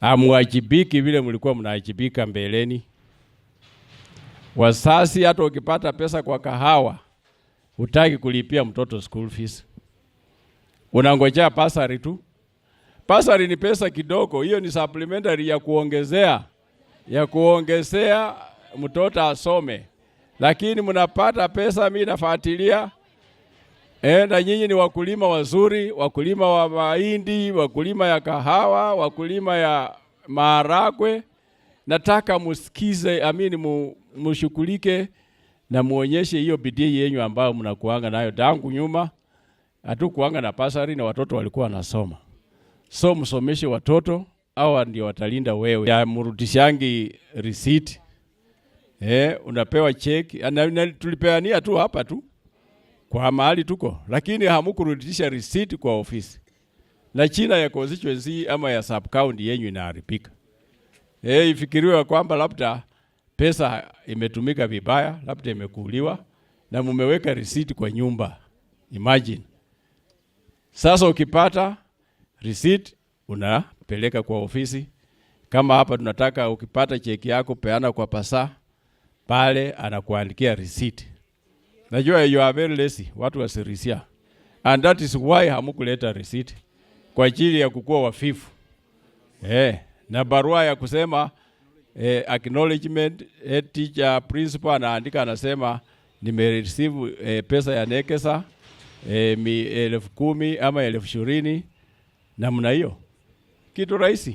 Amwajibiki vile mlikuwa mnaajibika mbeleni. Wasasi hata ukipata pesa kwa kahawa hutaki kulipia mtoto school fees, unangojea pasari tu. Pasari ni pesa kidogo, hiyo ni supplementary ya kuongezea ya kuongezea mtoto asome, lakini mnapata pesa. Mimi nafuatilia E, na nyinyi ni wakulima wazuri, wakulima wa mahindi, wakulima ya kahawa, wakulima ya maharagwe. Nataka musikize, amini, mushukulike na muonyeshe hiyo bidii yenyu ambayo mnakuanga nayo. Tangu nyuma hatukuanga na pasari na watoto walikuwa nasoma, so msomeshe watoto hawa, ndio watalinda wewe. Ya mrudishangi risiti, eh, unapewa cheki, tulipeania tu hapa tu kwa mahali tuko, lakini hamkurudisha receipt kwa ofisi, na china ya constituency ama ya sub county yenyu inaharibika. Eh, ifikiriwa kwamba labda pesa imetumika vibaya, labda imekuuliwa na mumeweka receipt kwa nyumba. Imagine sasa, ukipata receipt unapeleka kwa ofisi. Kama hapa tunataka ukipata cheki yako peana kwa pasa pale, anakuandikia risiti. Najua you are very lazy, watu wasirisia. And that is why hamukuleta receipt kwa ajili ya kukuwa wafifu eh, na barua ya kusema eh, acknowledgement eh, teacher principal anaandika anasema nimereceive eh, pesa ya nekesa eh, mi elfu kumi ama elfu ishirini namna hiyo, kitu rahisi.